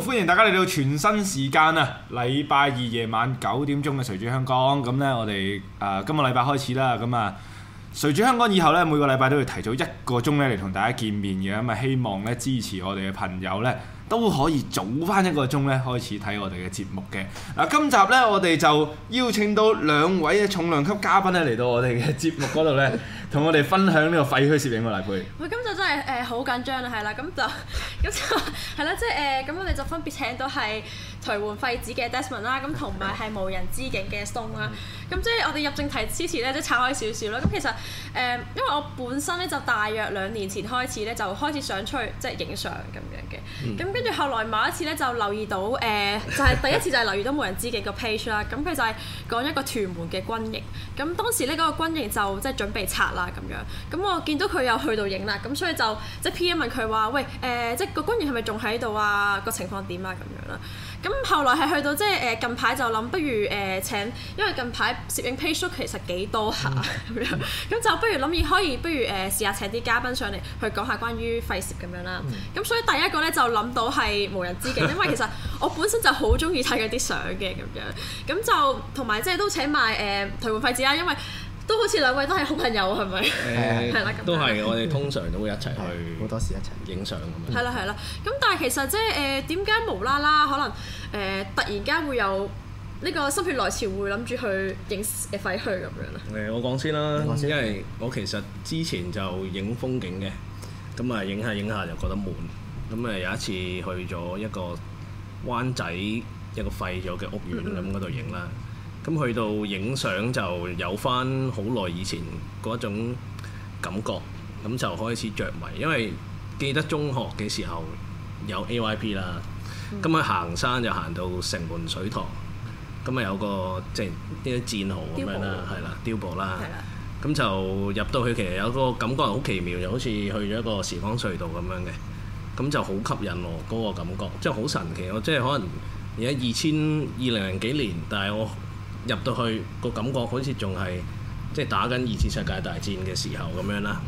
歡迎大家嚟到全新時間啊！禮拜二夜晚九點鐘嘅誰主香江咁呢，我哋啊、呃，今個禮拜開始啦。咁、嗯、啊，誰主香江以後呢，每個禮拜都會提早一個鐘呢嚟同大家見面嘅咁啊，希望呢支持我哋嘅朋友呢，都可以早返一個鐘呢開始睇我哋嘅節目嘅。嗱，今集呢，我哋就邀請到兩位嘅重量級嘉賓呢嚟到我哋嘅節目嗰度呢。 同我哋分享呢個廢墟攝影喎，賴珮喂，咁就真係誒好緊張啦，係 啦，咁就咁就係啦，即係誒咁我哋就分別請到係頹垣廢址嘅 Desmond 啦，咁同埋係無人之境嘅 Stone 啦。咁即係我哋入正題之前咧，即、就、係、是、拆開少少啦。咁其實誒、嗯，因為我本身咧就大約兩年前開始咧，就開始想出去即係影相咁樣嘅。咁跟住後來某一次咧，就留意到誒、呃，就係、是、第一次就係留意到無人之境個 page 啦。咁佢就係講一個屯門嘅軍營。咁當時咧嗰個軍營就即係準備拆。啦咁樣，咁我見到佢又去到影啦，咁所以就即係、就是、P.M. 問佢話：喂，誒、呃，即係個官員係咪仲喺度啊？個情況點啊？咁樣啦。咁後來係去到即係誒近排就諗，不如誒請，因為近排攝影 page shoot 其實幾多下咁樣，咁、嗯、就不如諗而可以不如誒試下請啲嘉賓上嚟去講下關於廢攝咁樣啦。咁所以第一個咧就諗到係無人之境，因為其實我本身就好中意睇佢啲相嘅咁樣，咁就同埋即係都請埋誒頹垣廢址啦，因為。都好似兩位都係好朋友係咪？係啦，都係，我哋通常都會一齊去，好、嗯、多時一齊影相咁樣。係啦、嗯，係啦。咁但係其實即係誒點解無啦啦可能誒突然間會有呢個心血來潮，會諗住去影嘅廢墟咁樣咧？誒、嗯，我講先啦。先說，先說，因為我其實之前就影風景嘅，咁啊影下影下就覺得悶。咁啊有一次去咗一個灣仔一個廢咗嘅屋苑咁，嗰度影啦。嗯嗯咁去到影相就有翻好耐以前嗰種感覺，咁就開始着迷。因為記得中學嘅時候有 A.Y.P. 啦、嗯，咁去行山就行到城門水塘，咁啊有個即係啲戰壕咁樣啦，係啦毫，碉堡啦，咁的就入到去其實有個感覺好奇妙，就好似去咗一個時光隧道咁樣嘅，咁就好吸引我嗰、嗰個感覺，即係好神奇，我即係可能而家二千二零零幾年，但係我。入到去個感覺好似仲係即係打緊二次世界大戰嘅時候咁樣啦，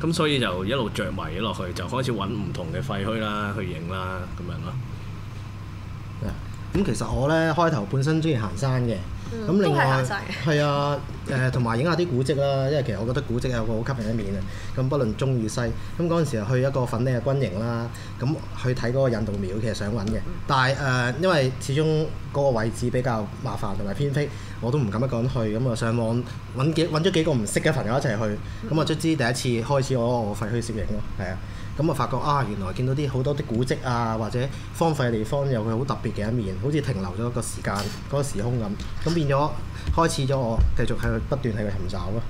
咁所以就一路着迷咗落去，就開始揾唔同嘅廢墟啦、去影啦咁樣咯。咁、嗯、其實我呢開頭本身中意行山嘅。咁、嗯、另外係啊，誒同埋影下啲古蹟啦，因為其實我覺得古蹟係個好吸引嘅面啊。咁不論中與西，咁嗰陣時去一個粉嶺嘅軍營啦，咁去睇嗰個印度廟其實想揾嘅，但係誒、呃、因為始終嗰個位置比較麻煩同埋偏僻，我都唔敢一個人去，咁啊上網揾咗幾，幾個唔識嘅朋友一齊去，咁啊卒之第一次開始我我廢墟攝影咯，係啊。咁啊，發覺啊，原來見到啲好多啲古蹟啊，或者荒廢嘅地方，有佢好特別嘅一面，好似停留咗一個時間，嗰、嗰個時空咁。咁變咗開始咗，我繼續喺度不斷喺度尋找咯。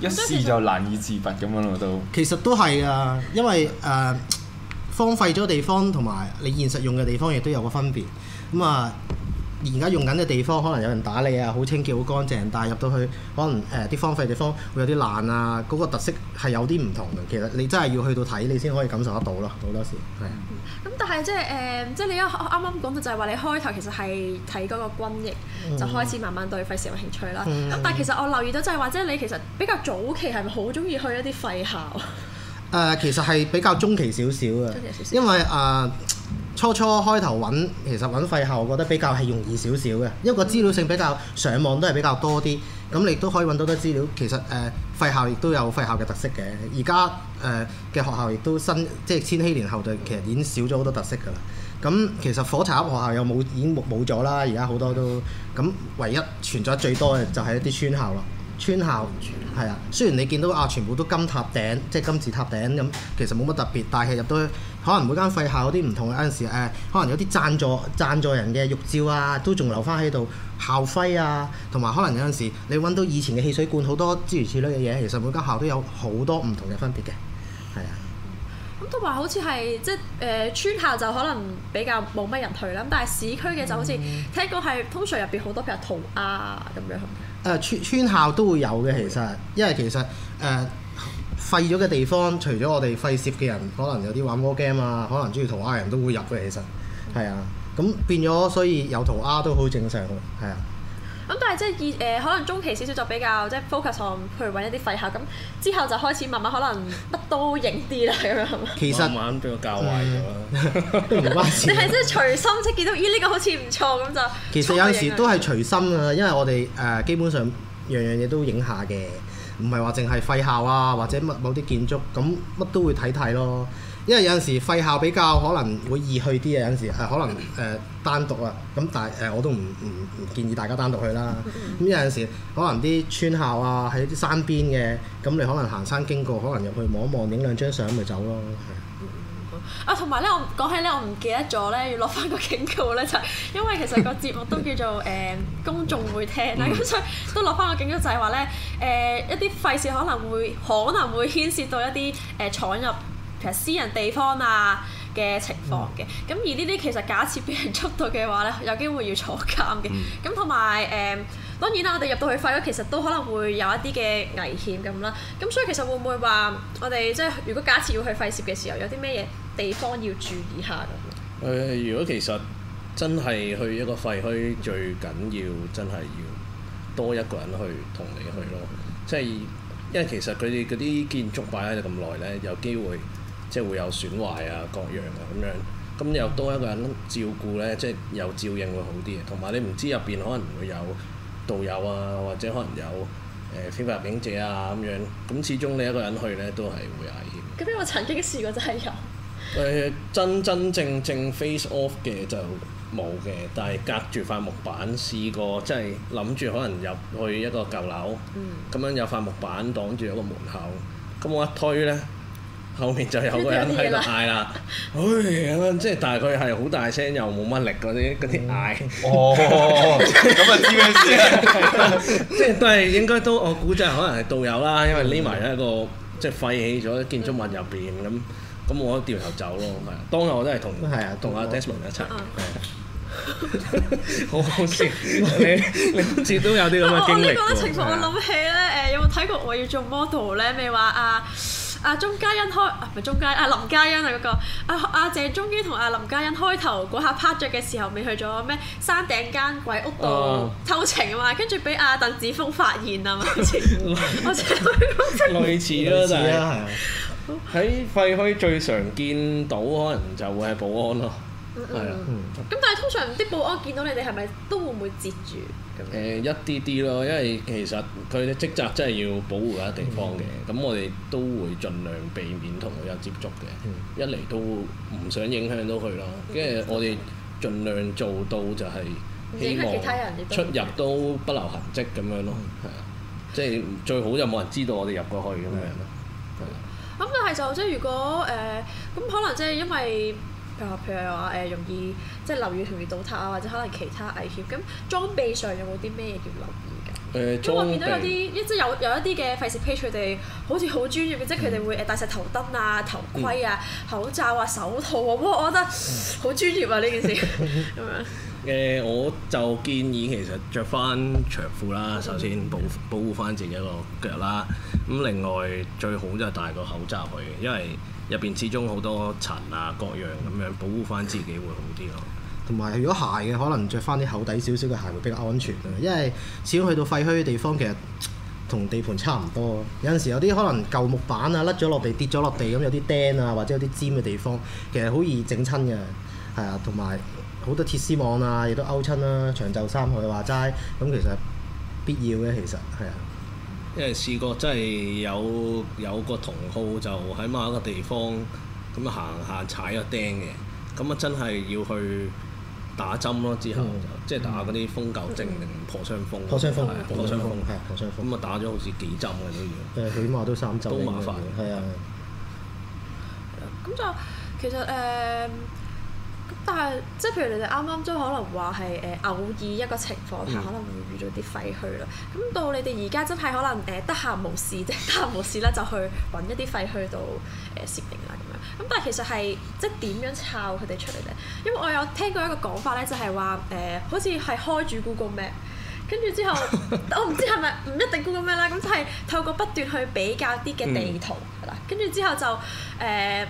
一試就難以自拔咁樣咯，都其，其實都係啊，因為誒、呃、荒廢咗地方同埋你現實用嘅地方，亦都有個分別咁啊。嗯呃而家用緊嘅地方可能有人打理啊，好清潔、好乾淨，但係入到去可能誒啲、呃、荒廢地方會有啲爛啊，嗰、那個特色係有啲唔同嘅。其實你真係要去到睇，你先可以感受得到咯，好多時。係咁、嗯、但係即係誒，即、嗯、係、就是、你一啱啱講到就係話你開頭其實係睇嗰個軍役，嗯、就開始慢慢對廢事有興趣啦。咁、嗯、但係其實我留意到就係即係你其實比較早期係咪好中意去一啲廢校？誒、呃，其實係比較中期少少嘅，點點因為誒。呃初初開頭揾，其實揾廢校，我覺得比較係容易少少嘅，因為個資料性比較，上網都係比較多啲，咁你都可以揾到多資料。其實誒、呃、廢校亦都有廢校嘅特色嘅，而家誒嘅學校亦都新，即係千禧年後就其實已經少咗好多特色㗎啦。咁其實火柴盒學校又冇，已經冇咗啦。而家好多都咁，唯一存在最多嘅就係一啲村校咯。村校係啊、嗯，雖然你見到啊，全部都金塔頂，即係金字塔頂咁，其實冇乜特別，但係入到可能每間廢校嗰啲唔同，有陣時、呃、可能有啲贊助贊助人嘅玉照啊，都仲留翻喺度，校徽啊，同埋可能有陣時你揾到以前嘅汽水罐，好多諸如此類嘅嘢，其實每間校都有好多唔同嘅分別嘅，係啊。咁都話好似係即係誒村校就可能比較冇乜人去啦，但係市區嘅就好似、嗯、聽講係通常入邊好多譬如塗鴉咁樣。誒、啊，村村校都會有嘅，其實，因為其實誒、呃、廢咗嘅地方，除咗我哋廢攝嘅人，可能有啲玩 war game 啊，可能中意塗鴉嘅人都會入嘅，其實，係啊，咁變咗，所以有塗鴉都好正常，係啊。咁但係即係二誒，可、呃、能中期少少就比較即係 focus on，譬如揾一啲廢校，咁之後就開始慢慢可能乜都影啲啦咁樣。 其實慢慢俾我教壞咗，你係真係隨心 即見到，咦呢個好似唔錯咁就。其實有陣時都係隨心啊，因為我哋誒基本上樣樣嘢都影下嘅，唔係話淨係廢校啊，或者乜某啲建築，咁乜都會睇睇咯。因為有陣時廢校比較可能會易去啲啊，有陣時係可能誒單獨啊，咁但係誒我都唔唔建議大家單獨去啦。咁有陣時可能啲村校啊，喺啲山邊嘅，咁你可能行山經過，可能入去望一望，影兩張相咪走咯。啊，同埋咧，我講起咧，我唔記得咗咧，要落翻個警告咧，就係、是、因為其實個節目都叫做誒 公眾會聽啦，咁所以都落翻個警告就係、呃、話咧，誒一啲廢事可能會可能會牽涉到一啲誒闖入。其實私人地方啊嘅情況嘅，咁、嗯、而呢啲其實假設俾人捉到嘅話咧，有機會要坐監嘅。咁同埋誒，當然啦，我哋入到去廢墟，其實都可能會有一啲嘅危險咁啦。咁所以其實會唔會話我哋即係如果假設要去廢墟嘅時候，有啲咩嘢地方要注意下嘅？誒、呃，如果其實真係去一個廢墟，最緊要真係要多一個人去同你去咯。即係因為其實佢哋嗰啲建築擺喺度咁耐咧，有機會。即係會有損壞啊，各樣啊咁樣，咁又多一個人照顧呢，即係有照應會好啲嘅。同埋你唔知入邊可能會有導遊啊，或者可能有誒非法入境者啊咁樣。咁始終你一個人去呢，都係會危險。咁我曾經試過真係有誒真真正正 face off 嘅就冇嘅，但係隔住塊木板試過，即係諗住可能入去一個舊樓，咁、嗯、樣有塊木板擋住一個門口，咁我一推呢。後面就有個人喺度嗌啦，唉，即係但係佢係好大聲又冇乜力嗰啲嗰啲嗌。哦，咁啊知嘅知，即係都係應該都我估咗係可能係導遊啦，因為匿埋喺一個即係廢棄咗建築物入邊咁，咁我掉頭走咯，係當日我都係同係啊同阿 Desmond 一齊，係啊，好好笑，你你好似都有啲咁嘅經歷喎。呢個情況我諗起咧，誒有冇睇過我要做 model 咧？你話啊？阿鐘嘉欣開啊，唔係鍾嘉欣，阿、啊啊、林嘉欣啊嗰個，阿、啊、阿、啊、鄭中基同阿林嘉欣開頭嗰下拍著嘅時候，未去咗咩山頂間鬼屋度偷情、哦、啊嘛，跟住俾阿鄧梓峰發現啊嘛，好似類似咯，係喺廢墟最常見到，可能就會係保安咯。係啊，咁但係通常啲保安見到你哋係咪都會唔會截住？誒、呃、一啲啲咯，因為其實佢嘅職責真係要保護一啲地方嘅，咁、嗯、我哋都會盡量避免同佢有接觸嘅，嗯、一嚟都唔想影響到佢咯，因為我哋盡量做到就係希望其他人出入都不留痕跡咁樣咯，係啊、嗯，即係最好就冇人知道我哋入過去咁樣咯，係啊、嗯。咁但係就即係如果誒咁、呃、可能即係因為。譬如譬如話誒容易即係樓宇容易倒塌啊，或者可能其他危險。咁裝備上有冇啲咩嘢要留意㗎？誒、呃、裝備，因為我見到有啲一即係有有一啲嘅費事 pay 佢哋好似好專業嘅，嗯、即係佢哋會誒戴晒頭燈啊、頭盔啊、嗯、口罩啊、手套啊。哇，我覺得好、嗯、專業啊呢件事。 誒、呃，我就建議其實着翻長褲啦，首先保保護翻自己一個腳啦。咁另外最好就係戴個口罩去，因為入邊始終好多塵啊、各樣咁樣，保護翻自己會好啲咯。同埋如果鞋嘅，可能着翻啲厚底少少嘅鞋會比較安全嘅，因為始終去到廢墟嘅地方，其實同地盤差唔多。有陣時有啲可能舊木板啊甩咗落地、跌咗落地咁，有啲釘啊或者有啲尖嘅地方，其實好易整親嘅。係啊，同埋。好多鐵絲網啊，亦都勾親啦，長袖衫去話齋，咁其實必要嘅，其實係啊。因為試過真係有有個同好就喺某一個地方咁行下踩個釘嘅，咁啊真係要去打針咯，之後即係、嗯、打嗰啲瘋狗症定破傷風。破傷風破傷風係破傷風。咁啊打咗好似幾針嘅都要。誒，起碼都三針。都麻煩係啊。咁就其實誒。嗯咁但係，即係譬如你哋啱啱都可能話係誒偶爾一個情況下可能會遇到啲廢墟啦。咁、嗯、到你哋而家真係可能誒得閒無事，即係得閒無事咧就去揾一啲廢墟度誒攝影啦咁樣。咁但係其實係即係點樣抄佢哋出嚟咧？因為我有聽過一個講法咧，就係話誒好似係開住 Google Map，跟住之後 我唔知係咪唔一定 Google Map 啦。咁就係透過不斷去比較啲嘅地圖啦，跟住、嗯、之後就誒。呃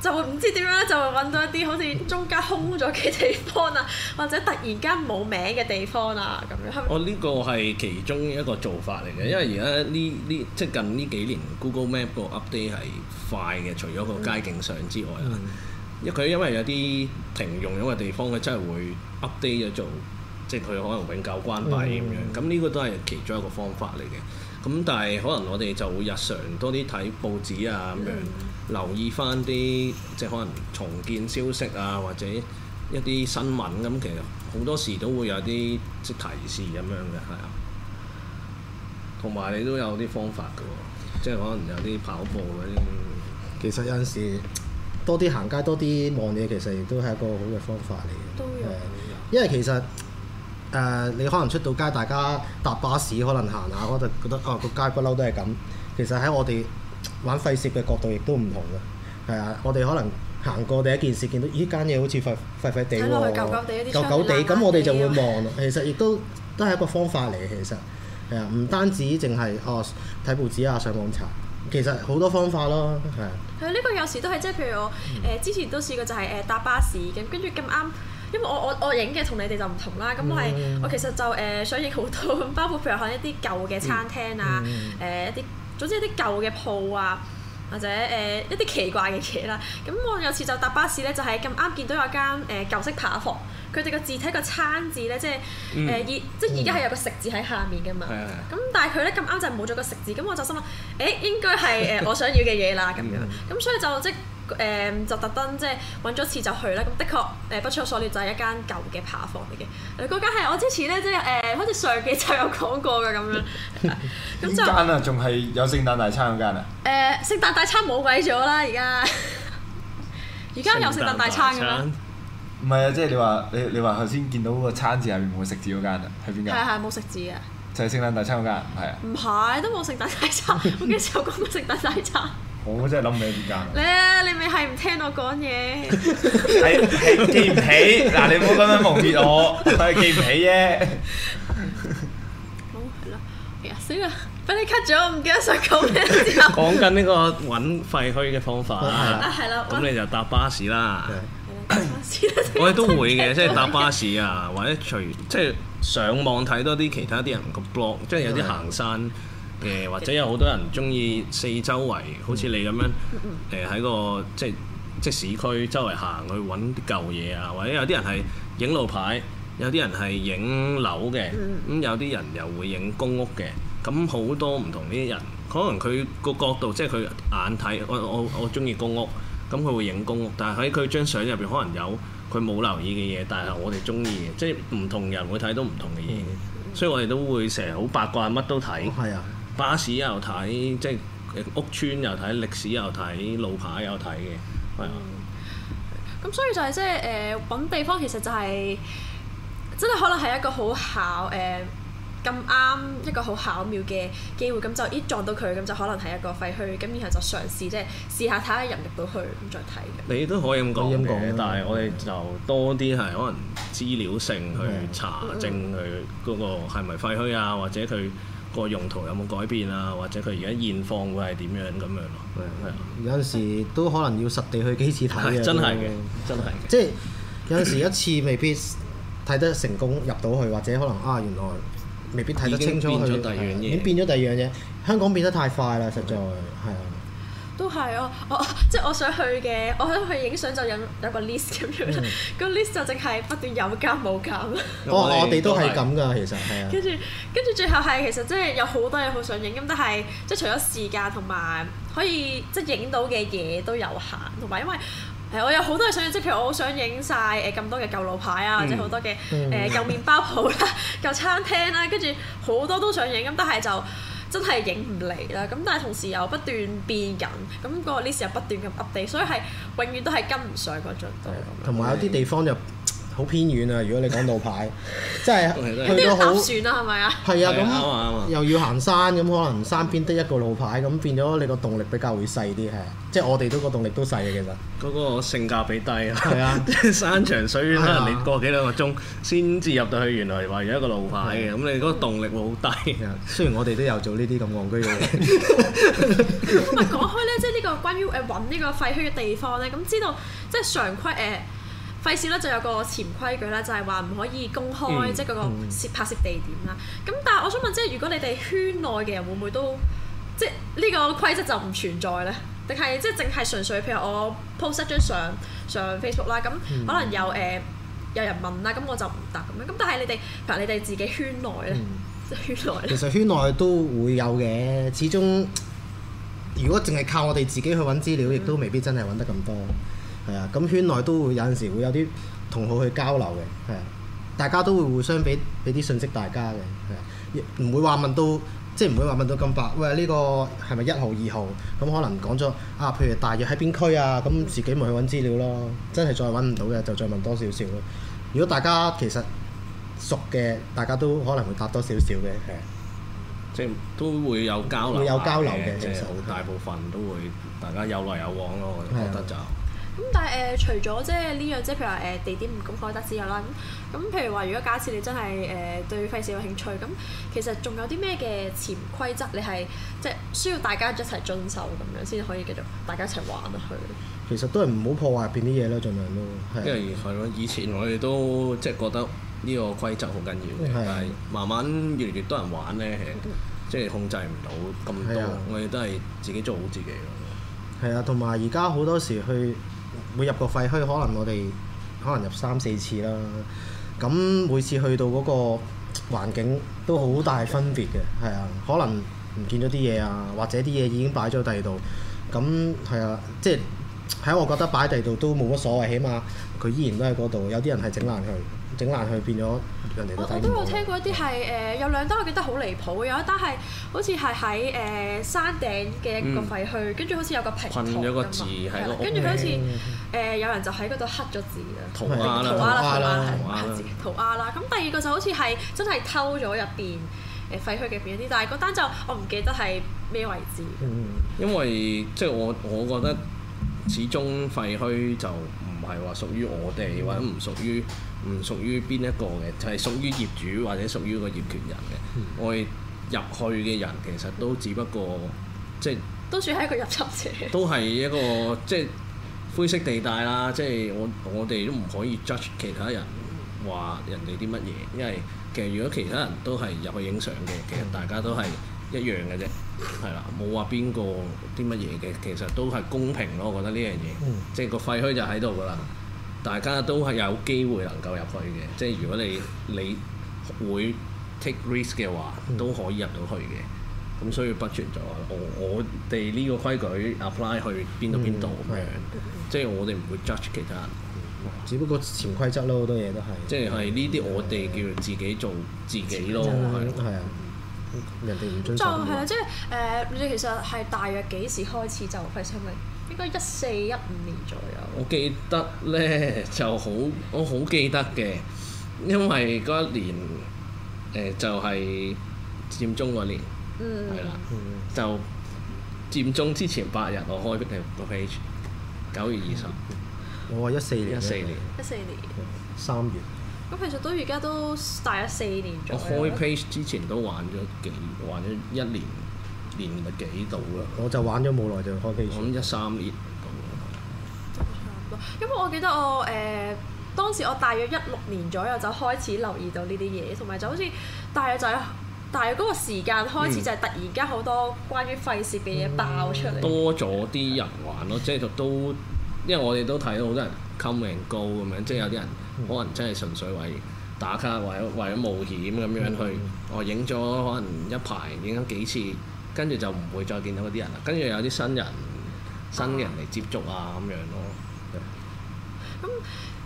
就會唔知點樣，就會揾到一啲好似中間空咗嘅地方啊，或者突然間冇名嘅地方啊咁樣。我呢、哦這個係其中一個做法嚟嘅，嗯、因為而家呢呢即係近呢幾年 Google Map 個 update 係快嘅，除咗個街景相之外，嗯、因為佢因為有啲停用咗嘅地方，佢真係會 update 咗做。即係佢可能永久關閉咁、嗯、樣，咁呢個都係其中一個方法嚟嘅。咁但係可能我哋就會日常多啲睇報紙啊咁、嗯、樣，留意翻啲即係可能重建消息啊，或者一啲新聞咁、嗯。其實好多時都會有啲即係提示咁樣嘅，係啊。同埋你都有啲方法㗎喎，即係可能有啲跑步嗰啲。其實有陣時多啲行街多啲望嘢，其實亦都係一個好嘅方法嚟嘅。都有、呃，因為其實誒，uh, 你可能出到街，大家搭巴士可能行下嗰度，我覺得啊個街不嬲都係咁。其實喺我哋玩廢攝嘅角度亦都唔同啊。係啊，我哋可能行過第一件事，見到依間嘢好似廢廢廢哋喎，舊舊哋，咁我哋就會望。其實亦都都係一個方法嚟，其實係啊，唔單止淨係哦睇報紙啊，上網查，其實好多方法咯，係啊。係啊，呢、這個有時都係即係譬如我誒、呃、之前都試過就係誒搭巴士咁，跟住咁啱。因為我我我影嘅同你哋就唔同啦，咁我係我其實就誒、呃、想影好多，包括譬如喺一啲舊嘅餐廳啊，誒、mm hmm. 呃、一啲，總之一啲舊嘅鋪啊，或者誒、呃、一啲奇怪嘅嘢啦。咁我有次就搭巴士咧，就係咁啱見到有間誒、呃、舊式扒房，佢哋個字體個餐字咧，即係誒而即而家係有個食字喺下面嘅嘛。咁、mm hmm. 但係佢咧咁啱就冇咗個食字，咁我就心諗誒、欸、應該係誒我想要嘅嘢啦咁 樣，咁所以就即。Hmm. Mm hmm. 誒、嗯、就特登即係揾咗次就去啦，咁的確誒不出所料就係、是、一間舊嘅扒房嚟嘅。嗰間係我之前咧即係誒好似上期就有講過嘅咁樣。邊 間啊？仲係有聖誕大餐嗰間啊？誒聖誕大餐冇鬼咗啦！而家而家有聖誕大餐嘅咩？唔係啊！即係、就是、你話你你話頭先見到個餐字下面冇食字嗰間啊？係邊間？係係冇食字啊！就係聖誕大餐嗰間啊？唔係都冇聖誕大餐，我幾時有講過聖誕大餐？ 我真係諗唔起邊間。你啊，你咪係唔聽我講嘢。係記唔起，嗱你唔好咁樣蒙蔽我，係記唔起啫。好係啦，死啦，俾你 cut 咗，我唔記得想講咩事。講緊呢個搵廢墟嘅方法啊，係啦，咁你就搭巴士啦。我哋都會嘅，即係搭巴士啊，或者除即係上網睇多啲其他啲人個 blog，即係有啲行山。誒或者有好多人中意四周圍，好似你咁樣誒喺，嗯呃、個即係即係市區周圍行去揾啲舊嘢啊，或者有啲人係影路牌，有啲人係影樓嘅，咁有啲人又會影公屋嘅，咁、嗯、好、嗯、多唔同啲人，可能佢個角度即係佢眼睇，我我我中意公屋，咁佢會影公屋，但係喺佢張相入邊可能有佢冇留意嘅嘢，但係我哋中意嘅，即係唔同人會睇到唔同嘅嘢，嗯、所以我哋都會成日好八卦，乜都睇。哦，係啊巴士又睇，即係屋邨又睇，歷史又睇，路牌又睇嘅，係啊。咁、嗯、所以就係即係誒揾地方，其實就係、是、真係可能係一個巧、呃、好巧誒咁啱一個好巧妙嘅機會。咁就一撞到佢，咁就可能係一個廢墟。咁然後就嘗試即係試下睇下入唔入到去，咁再睇。你都可以咁講嘅，但係我哋就多啲係、嗯、可能資料性去查證，佢嗰個係咪廢墟啊，或者佢。個用途有冇改變啊？或者佢而家現況會係點樣咁樣咯？係啊， 對有陣時都可能要實地去幾次睇嘅，真係嘅，真係嘅。即係有陣時一次未必睇得成功入到去，或者可能啊原來未必睇得清楚去，已經變咗第二樣嘢。香港變得太快啦，實在係啊。的都係啊！我即係我想去嘅，我想去影相就有有個 list 咁、嗯、樣，個 list 就淨係不斷有加冇減。我哋都係咁㗎，其實。啊、跟住跟住，最後係其實即係有好多嘢好想影，咁但係即係除咗時間同埋可以即係影到嘅嘢都有限，同埋因為誒我有好多嘢想影，即係譬如我好想影晒誒咁多嘅舊路牌啊，嗯、或者好多嘅誒舊麵包鋪啦、舊餐廳啦，跟住好多都想影，咁但係就。真係影唔嚟啦，咁但係同時又不斷變緊，咁、個 list 又不斷咁 update，所以係永遠都係跟唔上個進度。同埋、哦、覺有啲地方就。好偏遠啊！如果你講路牌，即係去到好，係啊， 咁、嗯嗯、又要行山，咁可能山邊得一個路牌，咁變咗你個動力比較會細啲，係。即係我哋都個動力都細嘅其實。嗰個性價比低的啊！係啊，山長水遠可能你的過幾兩個鐘先至入到去，原來話有一個路牌嘅，咁你嗰個動力會好低啊。雖然我哋都有做呢啲咁戇居嘅嘢。唔係講開咧，即係呢個關於誒揾呢個廢墟嘅地方咧，咁知道即係常規誒。呃費事啦，就有個潛規矩啦，就係話唔可以公開，嗯、即係嗰個攝拍攝地點啦。咁、嗯、但係我想問，即係如果你哋圈內嘅人會唔會都即係呢個規則就唔存在咧？定係即係淨係純粹，譬如我 post 一張相上 Facebook 啦，咁可能有誒有人問啦，咁、嗯、我就唔答咁樣。咁但係你哋嗱，譬如你哋自己圈內咧，即、嗯、圈內其實圈內都會有嘅。始終如果淨係靠我哋自己去揾資料，亦都未必真係揾得咁多。係啊，咁圈內都會有陣時會有啲同好去交流嘅，係啊，大家都會互相俾俾啲信息大家嘅，係啊，亦唔會話問到，即係唔會話問到咁白，喂，呢個係咪一號二號？咁可能講咗，啊，譬如大約喺邊區啊，咁自己咪去揾資料咯。真係再揾唔到嘅，就再問多少少咯。如果大家其實熟嘅，大家都可能會答多少少嘅，係啊。即係都會有交流，會有交流嘅，其實大部分都會，對 大家有來有往咯，我覺得就是。咁但係誒、呃，除咗即係呢樣，即係譬如話誒地點唔咁開得之外啦，咁咁譬如話，如果假設你真係誒、呃、對廢墟有興趣，咁其實仲有啲咩嘅潛規則你，你係即係需要大家一齊遵守咁樣，先可以繼續大家一齊玩落去。其實都係唔好破壞入邊啲嘢咯，儘量咯，啊、因為係咯、啊，以前我哋都即係覺得呢個規則好緊要是、啊、但係慢慢越嚟越多人玩咧，即係、啊是啊、控制唔到咁多，是啊、我哋都係自己做好自己咯。係啊，啊，同埋而家好多時去。每入個廢墟，可能我哋可能入三四次啦。咁每次去到嗰個環境都好大分別嘅，係啊，可能唔見咗啲嘢啊，或者啲嘢已經擺咗喺地度。咁係啊，即係喺我覺得擺喺地度都冇乜所謂，起碼佢依然都喺嗰度。有啲人係整爛佢。整爛去變咗我我都有聽過一啲係，誒，有兩單，我記得好離譜。有一單係好似係喺誒山頂嘅一個廢墟，跟住好似有個拼，噴咗個字喺度，跟住佢好似誒有人就喺嗰度刻咗字啦。塗鴉啦，塗鴉啦，塗鴉啦，塗鴉啦。咁第二個就好似係真係偷咗入邊誒廢墟嘅邊一啲，但係嗰單就我唔記得係咩位置。嗯，因為即係我我覺得始終廢墟就唔係話屬於我哋或者唔屬於。唔屬於邊一個嘅，就係、是、屬於業主或者屬於個業權人嘅。嗯、我哋入去嘅人其實都只不過即係、就是、都算係一個入侵者， 都係一個即係、就是、灰色地帶啦。即、就、係、是、我我哋都唔可以 judge 其他人話人哋啲乜嘢，因為其實如果其他人都係入去影相嘅，其實大家都係一樣嘅啫，係啦、嗯，冇話邊個啲乜嘢嘅，其實都係公平咯。我覺得呢樣嘢，即係、嗯、個廢墟就喺度㗎喇。大家都係有機會能夠入去嘅，即係如果你你會 take risk 嘅話，都可以入到去嘅。咁、嗯、所以不存在我我哋呢個規矩 apply 去邊度邊度咁樣，即係我哋唔會 judge 其他人，只不過潛規則咯，好多嘢都係。即係係呢啲我哋叫自己做自己咯，係。係啊，人哋唔遵守。就係、是、啦，即係、呃、其實係大約幾時開始就費心力？應該一四一五年左右。我記得咧就好，我好記得嘅，因為嗰一年誒、呃、就係、是、佔中嗰年，係、嗯、啦，就佔中之前八日我開 page，九月二十、嗯，我話一四年，一四年，一四年，三月。咁其實都而家都大咗四年咗。我開 page 之前都玩咗幾年，玩咗一年。年咪幾度啦？我就玩咗冇耐就開始 a s、嗯嗯、一三年。差唔多，因為我記得我誒當時我大約一六年左右就開始留意到呢啲嘢，同埋就好似大約就係大約嗰個時間開始就係突然間好多關於廢設嘅嘢爆出嚟。多咗啲人玩咯，即係就都因為我哋都睇到好多人 c o m in 高咁樣，即係有啲人可能真係純粹為打卡，為咗為咗冒險咁樣、嗯、去。我影咗可能一排影咗幾次。跟住就唔會再見到嗰啲人啦，跟住有啲新人、新嘅人嚟接觸啊咁、啊、樣咯。咁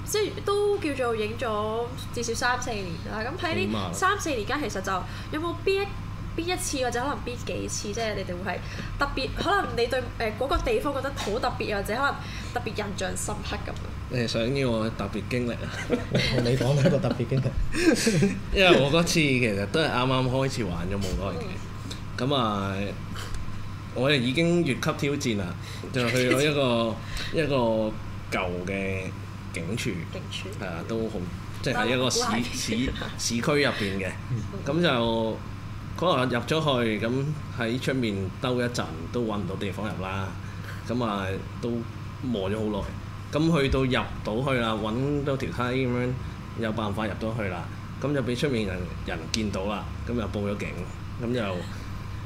即係都叫做影咗至少三四年啦。咁喺呢三四年間，其實就有冇邊一邊一次或者可能邊幾次，即係你哋會係特別，可能你對誒嗰個地方覺得好特別，或者可能特別印象深刻咁。你係想要我特別經歷啊？你 講一個特別經歷， 因為我嗰次其實都係啱啱開始玩咗冇耐嘅。咁啊！我哋已經越級挑戰啦，就去咗一個 一個舊嘅警署，係署啊，都好即係喺一個市 市市區入邊嘅。咁就可能入咗去，咁喺出面兜一陣，都揾唔到地方入啦。咁啊，都磨咗好耐。咁去到入到去啦，揾到條梯咁樣有辦法入到去啦。咁就俾出面人人見到啦，咁又報咗警，咁又。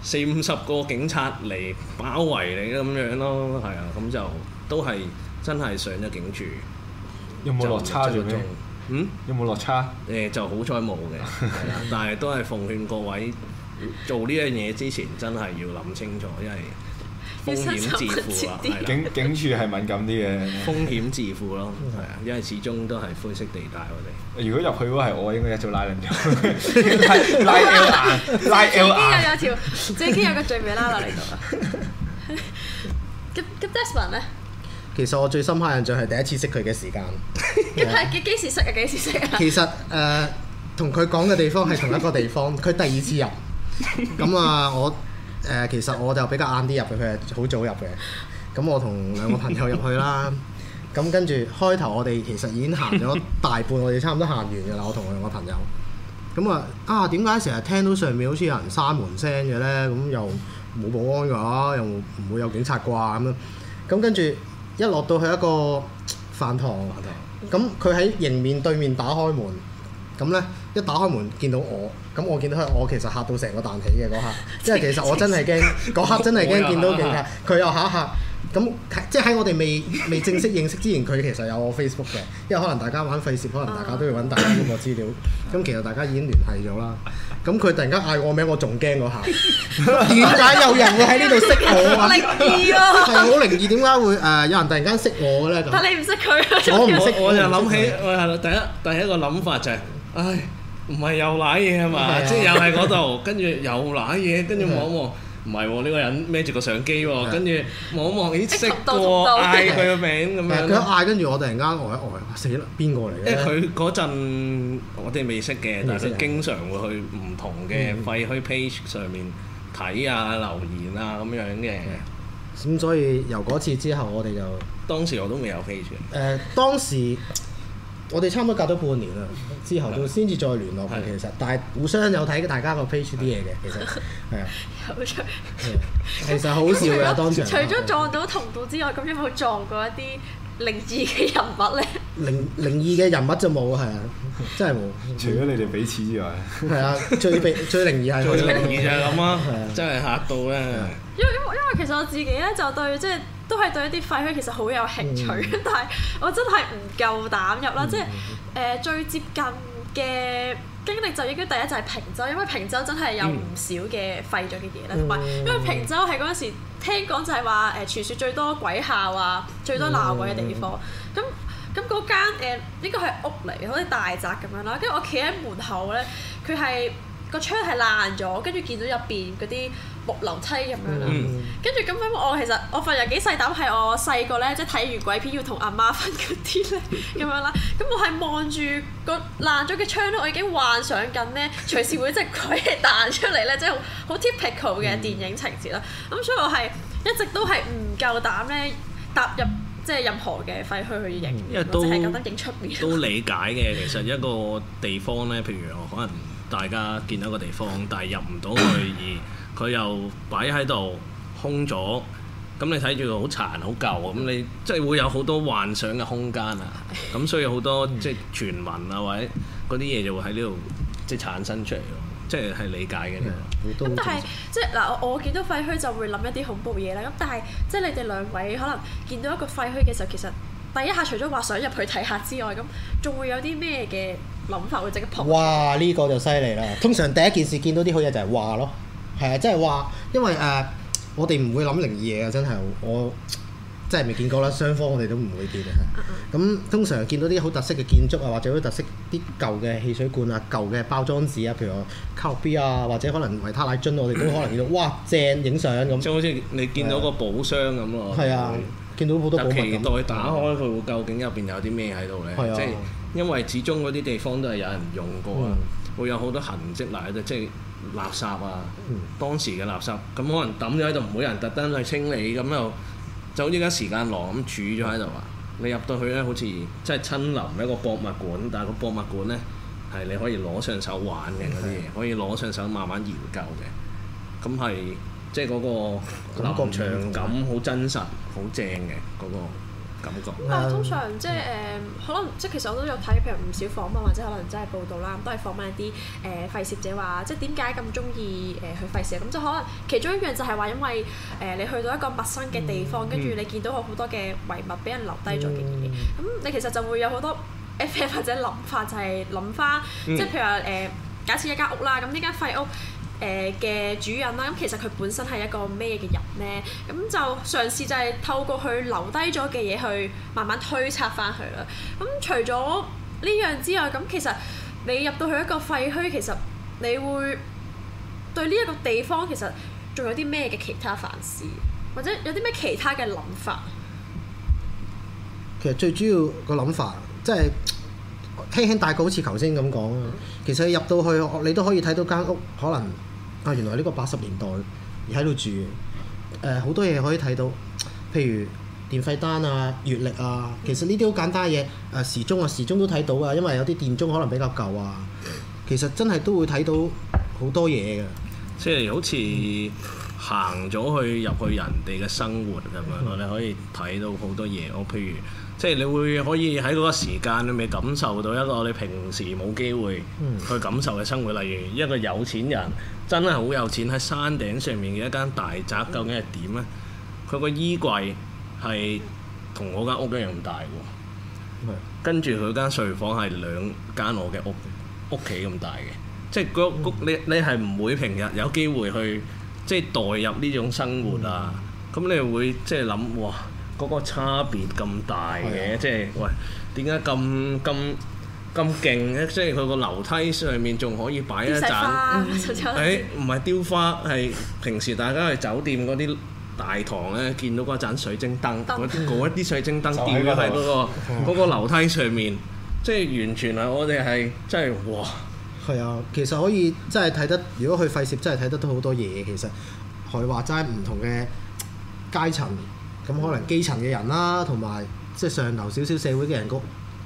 四五十個警察嚟包圍你咁樣咯，係啊，咁就都係真係上咗警署，有冇落差仲？麼嗯？有冇落差？誒、欸、就好彩冇嘅，係啦，但係都係奉勸各位做呢樣嘢之前，真係要諗清楚，因為。風險自負啊！警警署係敏感啲嘅。風險自負咯，係啊，因為始終都係灰色地帶，我哋。如果入去嘅話係我應該一早拉拉 L，拉 L R。已經有條，已經有個最尾拉落嚟咁。咁 Desmond 咧？其實我最深刻印象係第一次識佢嘅時間。咁係幾幾時識啊？幾時識啊？其實誒，同佢講嘅地方係同一個地方，佢第二次入，咁啊我。誒、呃，其實我就比較晏啲入去，佢係好早入嘅。咁我同兩個朋友入去啦。咁 跟住開頭，我哋其實已經行咗大半，我哋差唔多行完嘅啦。我同我兩個朋友。咁啊，啊點解成日聽到上面好似有人閂門聲嘅咧？咁又冇保安㗎，啊，又唔會有警察啩咁樣。咁跟住一落到去一個飯堂嗱，咁佢喺迎面對面打開門，咁咧。一打開門見到我，咁我見到佢。我其實嚇到成個彈起嘅嗰刻，因為其實我真係驚嗰刻真係驚見到佢，佢又嚇一嚇。咁即係喺我哋未未正式認識之前，佢 其實有我 Facebook 嘅，因為可能大家玩費事，可能大家都要揾大家嗰個資料。咁 其實大家已經聯繫咗啦。咁佢突然間嗌我名，我仲驚嗰刻。點解 有人會喺呢度識我啊？係好靈異，點解會誒有人突然間識我咧？但你唔識佢， 我唔識懂。我，我，我就諗起，我係第一第一個諗法就係、是，唉。唔係又攋嘢係嘛？即係又係嗰度，跟住又攋嘢，跟住望望，唔係喎，呢個人孭住個相機喎，跟住望望咦，識喎，嗌佢個名咁樣。佢嗌，跟住我突然間呆一呆，哇死啦邊個嚟？因為佢嗰陣我哋未識嘅，但係經常會去唔同嘅廢墟 page 上面睇啊留言啊咁樣嘅。咁所以由嗰次之後，我哋就當時我都未有 page。誒當時。我哋差唔多隔咗半年啦，之後都先至再聯絡其實，但係互相有睇大家個 page 啲嘢嘅其實係啊。其實好笑嘅當，除咗撞到同道之外，咁有冇撞過一啲靈異嘅人物咧？靈靈異嘅人物就冇係啊，真係冇。除咗你哋彼此之外，係啊，最最靈異係。最靈異就係咁咯，真係嚇到咧。因因因為其實我自己咧就對即係。都係對一啲廢墟其實好有興趣，嗯、但係我真係唔夠膽入啦。嗯、即係誒、呃、最接近嘅經歷就已經第一就係平洲，因為平洲真係有唔少嘅廢咗嘅嘢啦。同埋、嗯、因為平洲喺嗰陣時聽講就係話誒傳説最多鬼校啊，最多鬧鬼嘅地方。咁咁嗰間呢、呃、應該係屋嚟，好似大宅咁樣啦。跟住我企喺門口咧，佢係個窗係爛咗，跟住見到入邊嗰啲。木樓梯咁樣啦，跟住咁樣，樣我其實我份人幾細膽，係我細個咧，即係睇完鬼片要同阿媽瞓嗰啲咧咁樣啦。咁我係望住個爛咗嘅窗咧，我已經幻想緊咧，隨時會隻鬼彈出嚟咧，即係好好 typical 嘅電影情節啦。咁、嗯、所以我係一直都係唔夠膽咧踏入即係任何嘅廢墟去影，因為都係覺得影出面都理解嘅。其實一個地方咧，譬如我可能大家見到一個地方，但係入唔到去而。 佢又擺喺度空咗，咁你睇住好殘好舊，咁你即係會有好多幻想嘅空間啊！咁 所以好多即係傳聞啊，或者嗰啲嘢就會喺呢度即係產生出嚟，即係係理解嘅。咁但係即係嗱，我我見到廢墟就會諗一啲恐怖嘢啦。咁但係即係你哋兩位可能見到一個廢墟嘅時候，其實第一下除咗話想入去睇下之外，咁仲會有啲咩嘅諗法會即刻 pop？哇！呢個就犀利啦。通常第一件事見到啲好嘢就係話咯。係啊，即係話，因為誒、uh，我哋唔會諗靈異嘢啊！真係，我即係未見過啦。雙方我哋都唔會見啊。咁通常見到啲好特色嘅建築啊，或者好特色啲舊嘅汽水罐啊、舊嘅包裝紙啊，譬如卡樂 B 啊，或者可能維他奶樽，我哋都可能見到，哇 正影相咁。即係好似你見到個寶箱咁咯。係 啊，見到好多。就期待打開佢會究竟入邊有啲咩喺度咧？即係的 因為始終嗰啲地方都係有人用過啊， 會有好多痕跡留喺度，即係。垃圾啊！嗯、當時嘅垃圾，咁可能抌咗喺度，唔會人特登去清理，咁又就好似而家時間廊咁儲咗喺度啊！嗯、你入到去呢，好似即係親臨一個博物館，但係個博物館呢，係你可以攞上手玩嘅嗰啲嘢，可以攞上手慢慢研究嘅，咁係即係嗰、嗰個感覺、嗯、場感好真實、好正嘅嗰個感覺。咁但係通常、嗯、即係誒，可能即係其實我都有睇譬如唔少訪問或者可能真係報道啦，都係訪問一啲誒、呃、廢墟者話，即係點解咁中意誒去廢墟啊？咁即係可能其中一樣就係話因為誒、呃、你去到一個陌生嘅地方，跟住、嗯、你見到好好多嘅遺物俾人留低咗嘅嘢，咁、嗯、你其實就會有好多 idea 或者諗法，就係諗翻，嗯、即係譬如話誒、呃，假設一間屋啦，咁呢間廢屋。誒嘅主人啦，咁其實佢本身係一個咩嘅人呢？咁就嘗試就係透過佢留低咗嘅嘢去慢慢推測翻佢啦。咁除咗呢樣之外，咁其實你入到去一個廢墟，其實你會對呢一個地方其實仲有啲咩嘅其他反思，或者有啲咩其他嘅諗法？其實最主要個諗法，即係輕輕帶過，好似頭先咁講。其實你入到去，你都可以睇到間屋，可能。原來呢個八十年代而喺度住，誒、呃、好多嘢可以睇到，譬如電費單啊、月曆啊，其實呢啲好簡單嘅嘢，誒、呃、時鐘啊，時鐘都睇到啊，因為有啲電鐘可能比較舊啊，其實真係都會睇到好多嘢嘅，即係好似行咗去入去人哋嘅生活咁樣，嗯、你可以睇到好多嘢。我譬如。即係你會可以喺嗰個時間裏面感受到一個你平時冇機會去感受嘅生活，例如一個有錢人真係好有錢，喺山頂上面嘅一間大宅究竟係點呢？佢個衣櫃係同我間屋一樣咁大喎，是跟住佢間睡房係兩間我嘅屋屋企咁大嘅，即係嗰你你係唔會平日有機會去即係代入呢種生活啊。咁是你會即係諗哇？嗰個差別咁大嘅的，即係喂，點解咁咁咁勁呢？即係佢個樓梯上面仲可以擺一盞雕花。誒，唔係雕花，係平時大家去酒店嗰啲大堂呢，見到嗰盞水晶燈，嗰啲燈水晶燈吊喺嗰、嗰個嗰樓梯上面， 即係完全係、啊、我哋係真係哇。係啊，其實可以真係睇得，如果去廢址，真係睇得到好多嘢。其實，佢話齋唔同嘅階層。咁可能基層嘅人啦，同埋即係上流少少社會嘅人個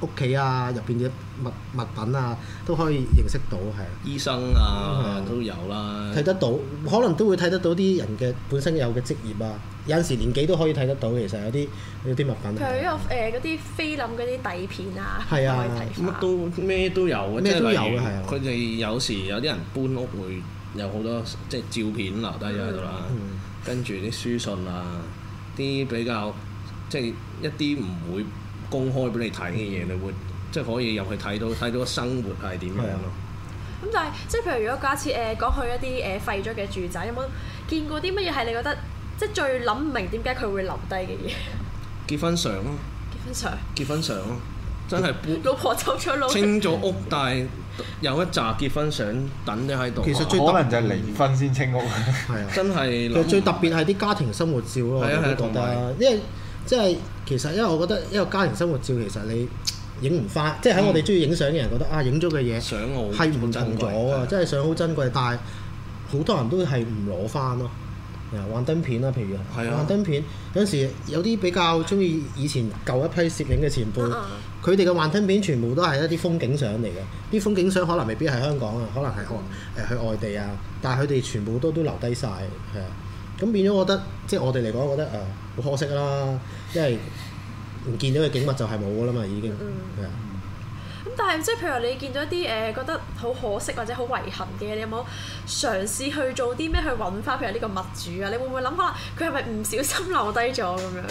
屋企啊，入邊嘅物物品啊，都可以認識到，係。醫生啊，都有啦。睇得到，可能都會睇得到啲人嘅本身有嘅職業啊。有陣時年紀都可以睇得到，其實有啲有啲物品。佢呢誒嗰啲菲林嗰啲底片啊，係啊，乜都咩都有，咩都有嘅，係啊。佢哋有時有啲人搬屋會有好多即係照片留低咗喺度啦，跟住啲書信啊。啲比較即係一啲唔會公開俾你睇嘅嘢，嗯、你會即係可以入去睇到睇到個生活係點樣咯、嗯。咁、嗯、但係即係譬如如果假設誒講、呃、去一啲誒廢咗嘅住宅，有冇見過啲乜嘢係你覺得即係最諗唔明點解佢會留低嘅嘢？結婚相咯、啊。結婚相、啊。 結婚相咯、啊，真係。老婆走咗佬。清咗屋，但係。有一紮結婚相等你喺度，其實最可能就係離婚先清屋，係啊，真係其實最特別係啲家庭生活照咯，同埋、啊，因為即係其實因為我覺得一個家庭生活照其實你影唔翻，即係喺我哋中意影相嘅人覺得、嗯、啊，影咗嘅嘢係唔同咗啊，即係相好珍貴，但係好多人都係唔攞翻咯。幻燈片啦，譬如啊，幻燈片有時有啲比較中意以前舊一批攝影嘅前輩，佢哋嘅幻燈片全部都係一啲風景相嚟嘅，啲風景相可能未必係香港啊，可能係外誒去外地啊，但係佢哋全部都都留低晒，係啊，咁變咗我覺得，即係我哋嚟講，覺得啊，好、呃、可惜啦，因為唔見到嘅景物就係冇噶啦嘛，已經係啊。咁但係即係譬如你見到一啲誒、呃、覺得好可惜或者好遺憾嘅，你有冇嘗試去做啲咩去揾翻譬如呢個物主啊？你會唔會諗下佢係咪唔小心留低咗咁樣？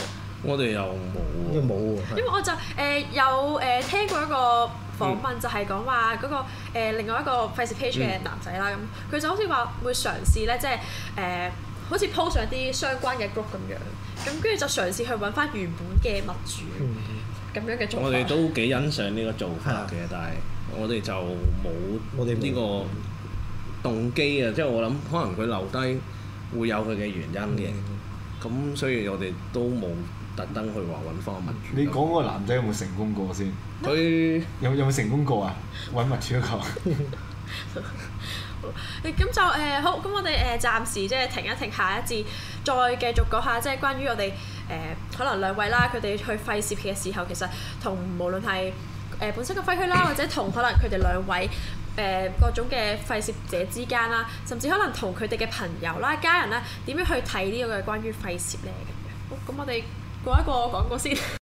我哋又冇，冇，因為我就誒有誒聽過一個訪問，嗯、就係講話嗰個、呃、另外一個 Facebook 嘅男仔啦，咁佢、嗯、就好似話會嘗試咧，即係誒、呃、好似 post 上啲相關嘅 group 咁樣，咁跟住就嘗試去揾翻原本嘅物主。嗯我哋都幾欣賞呢個做法嘅，但係我哋就冇呢個動機啊！即係我諗，可能佢留低會有佢嘅原因嘅。咁所以我哋都冇特登去話揾方物主。你講嗰個男仔有冇成功過先？佢有有冇成功過啊？揾物主嗰個？誒咁就誒好，咁我哋誒暫時即係停一停，下一節再繼續講下即係關於我哋。誒、呃、可能兩位啦，佢哋去廢攝嘅時候，其實同無論係誒、呃、本身嘅廢墟啦，或者同可能佢哋兩位誒、呃、各種嘅廢攝者之間啦，甚至可能同佢哋嘅朋友啦、家人啦，點樣去睇呢個嘅關於廢攝咧？咁樣，好、哦，咁我哋過一個廣告先。